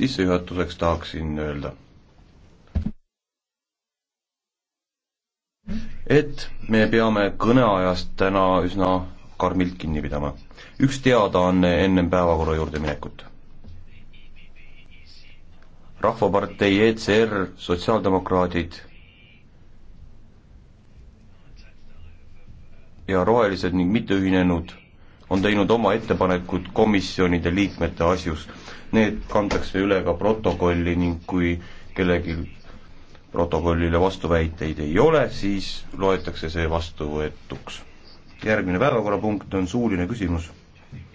sissejuhatuseks tahaksin öelda, et me peame kõneajast täna üsna karmilt kinni pidama. üks teadaanne ennem päevakorra juurde minekut. rahvapartei ECR, sotsiaaldemokraadid ja rohelised ning mitteühinenud on teinud oma ettepanekud komisjonide liikmete asjus. Need kantakse üle ka protokolli ning kui kellelgi protokollile vastuväiteid ei ole, siis loetakse see vastuvõetuks. järgmine päevakorrapunkt on suuline küsimus